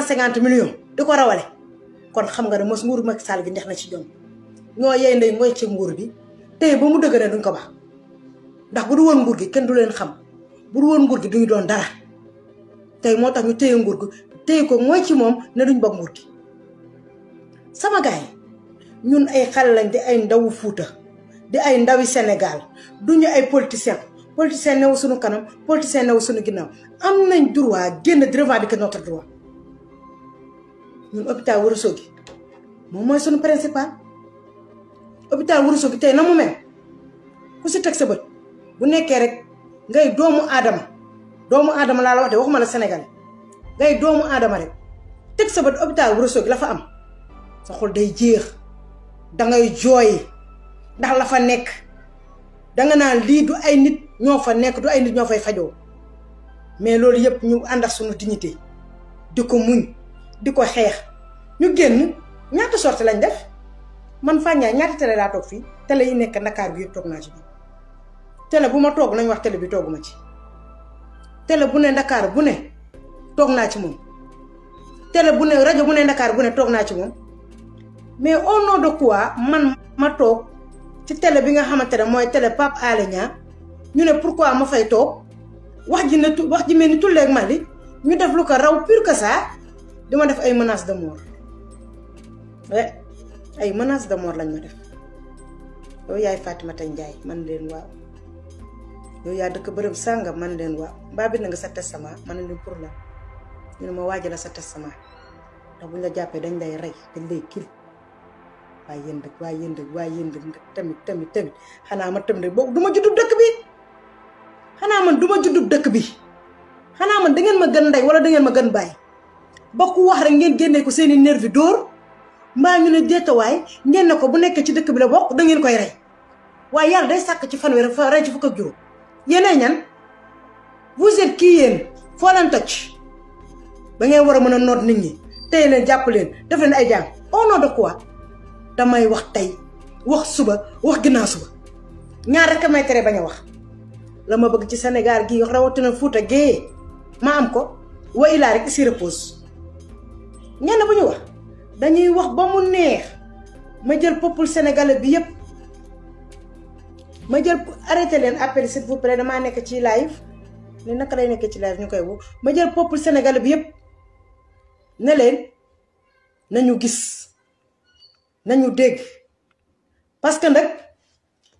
cent cinquante millions di ko rawale kon xam nga dem mos nguur Macky Sall gi ndex na ci ñoom ñoo yey ndey mooy ci nguur bi tey ba mu dëgëree duñ ko baax ndax bu du woon nguur gi kenn du leen xam bu du woon nguur gi duñu doon dara tey moo tax ñu téye nguur gi téye ko mooy ci moom ne duñ bokk nguur gi sama gars ñun ay xale lañ di ay ndawu Fuuta di ay ndawi Sénégal duñu ay politiciens politiciens newu suñu kanam politiciens newu suñu ginnaaw am nañ droit génn di revendiquer notre droit ñun hôpital gi moom moy sunu principal hôpital Ourossogui tey na mu mel ku ci tek sa bët bu nekké rek ngay doomu Adam. doomu aadama la la wax waxuma la Sénégal ngay doomu Adam rek tek sa bët hôpital gi la fa am sa xol day jeex ngay joy ndax la fa nekk nga naan li du ay nit ño fa nekk du ay nit ño fay fajo mais loolu yep ñu ak dignité diko muñ diko xex ñu génn ñaata sorti lañ def man fàññaay ñaata télé laa toog fii tele yi nekk Ndakaar bi toog naa ci bi bu ma toog nañ wax télé bi tooguma ci télé bu ne Ndakaar bu ne toog naa ci moom télé bu ne rajo bu ne Ndakaar bu ne toog naa ci moom mais au nom de quoi man ma toog ci tele bi nga xamante ne mooy télé Pape Alé ñu ne pourquoi ma fay toog wax ji ne wax ji mel ni tulleeg Mali ñu def ko raw pur que ça dama def ay menaces de mort Eh, ay menace de mort lañ ma def yow yaay tay ndjay man len waaw yow ya dekk beureum sàngam man leen waaw mbaa bind nga sa testament man len pour la ñu ma waji la sa testament da buñ la jappé dañ lay ray dañ lay kil way yënd ak way yënd ak way yënd ak tamit tamit tamit xana ma tam rek boobu du ma bi xana man duma juddu dekk bi xana man da ngeen ma gën nday wala da ngeen ma gën bay bokku ku wax rek ngeen génnee ko seen nerve d'or ma ñu ne déetawaay ngeen ne ko bu nekk ci dëkk bi la bok da ngeen koy ray way yalla day sak ci fanweer fa rey ci fuk ak juróom yene ñan vous êtes qui yene fo lan toj ba ngeen wara mëna note nit ñi tay leen japp leen def leen ay jàng au nom de quoi damay wax tay wax suba wax ginnaaw suba ñaar rek may téré baña wax la ma bëgg ci Sénégal gi wax rawatina Fouta Gueye ma am ko wa ila rek ci repose ngeen buñu wax dañuy wax ba mu neex ma jël poppul sénégalais bi yëpp ma jël arrêté leen appel s'il vous plaît damaa nekk ci live ne naka lay nekk ci live ñu koy woo ma jël peuple sénégalais bi yëpp ne leen nañu gis nañu dégg parce que nag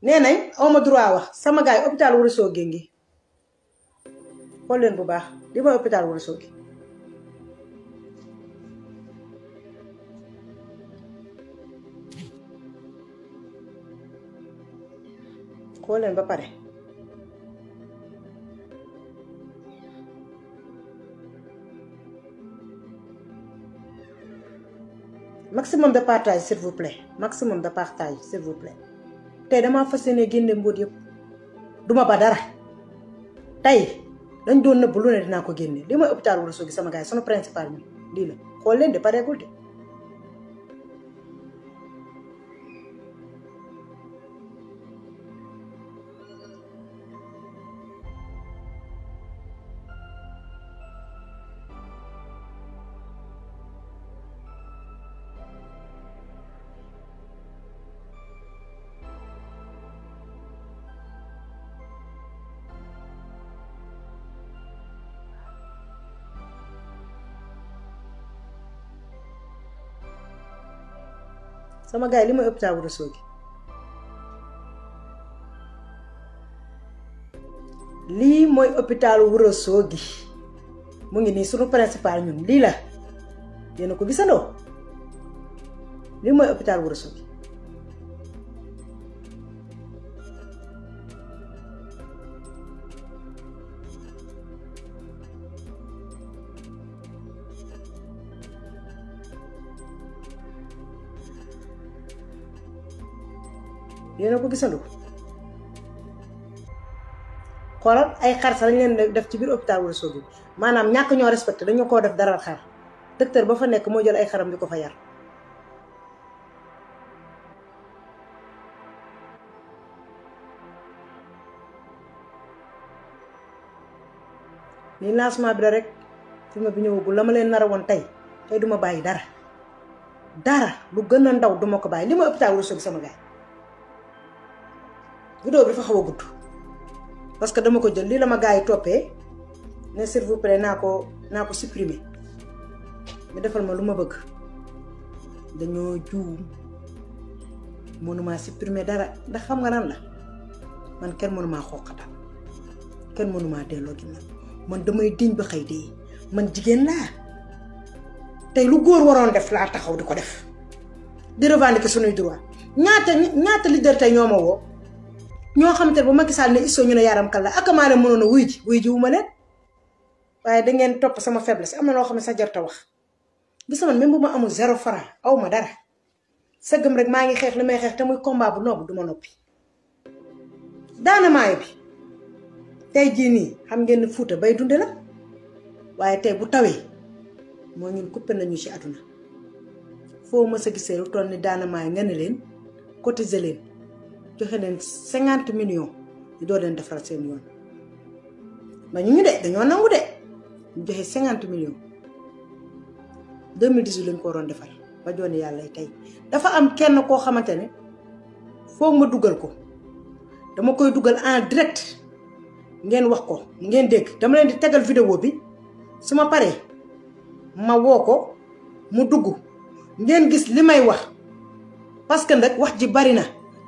nee nañ awma droit wax sama gaay yi hôpital Ourossogui ngi xool leen bu baax li mooy hôpital Ourossogui koo leen ba pare maximum de partage s'il vous plaît maximum de partage s'il vous plaît tay dama fas yéene génne yépp yëpp duma ba dara tay dañ doon neub lu ne dina ko génne li mooy hôpital Ourossogui sama gars yi principal ni di la xool len de pareegul de sama gars yi li ma ëpp taabu rasoo gi lii mooy hôpitalu Ourossogui gi mu ngi nii sunu principal ñun lii la yéen a ko gisandoo lii mooy hôpital Ourossogui gi yéen a ko gisandoo xoolal ay xar sax dañ leen def ci biir hôpital wala soo bi maanaam ñàkk ñoo respecté dañu koo def dara xar docteur ba fa nekk moo jël ay xaram di ko fa yar ni lancement bi la rek ma bi ñëwagul la ma leen nar woon tey tey duma bàyyi dara dara lu gën a ndaw duma ko bàyyi li ma hôpital wala soo bi sama gaay vidéo bi fa xawa gudd parce que dama ko jël li la ma gars yi toppee s'il vous plaît nako nako supprimer mi defal ma luma bëgg dañu juum monuma supprimer dara da xam nga nan la man kenn monuma xoxata kenn mënumaa delloo ginnaaw man damay diñ ba xey dee man jigen la tay lu goor waron def la taxaw diko def di revendiquer sunuy droit ñaata ñaata leader tey ñoo ma woo ñoo xam te ne bu Macky Sall ne Issoe ñu ne Yaram Kalla ak maa leen mënoon a wuy ji wuy ji wu ma leen waaye dangeen topp sama faiblesse am na loo xam ne sa jar ta wax. bis man même bu ma amul zéro franc aw ma dara sëggam rek maa ngi xeex li may xeex te muy combat bu noobu du ma noppi. daana maay bi tey jii nii xam ngeen Fuuta bay dunde la waaye tey bu tawee moo ñun coupé nañu ci àdduna foo ma sa gisee lu toll ni daana maay nga ne leen cotiser leen. joxe leen cinquante millions ñu door leen defaral seen yoon mais ñu ñu de dañoo nangu de ñu joxe cinquante millions deux mille dix huit lañ ko waroon defal ba jooni yàlla tey dafa am kenn koo xamante ne ma dugal ko dama koy dugal en direct ngeen wax ko ngeen dégg dama leen di tegal vidéo bi su ma paree ma woo ko mu dugg ngeen gis li wax parce que nag wax ji bari na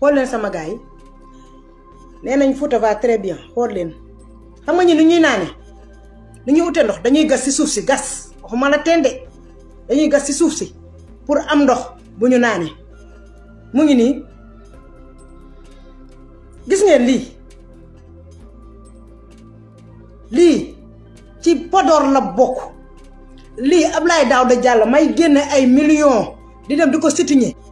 xool sama gars yi nee nañ Fouta va très bien xool leen xam nga ñu lu ñuy naane lu ñuy utee ndox dañuy gas ci suuf si gas waxuma la teen dañuy gas ci suuf si pour am ndox bu ñu naane mu ngi nii gis ngeen lii lii ci Podor la bokk lii Ablaye da Diallo may génne ay millions di dem di ko situñe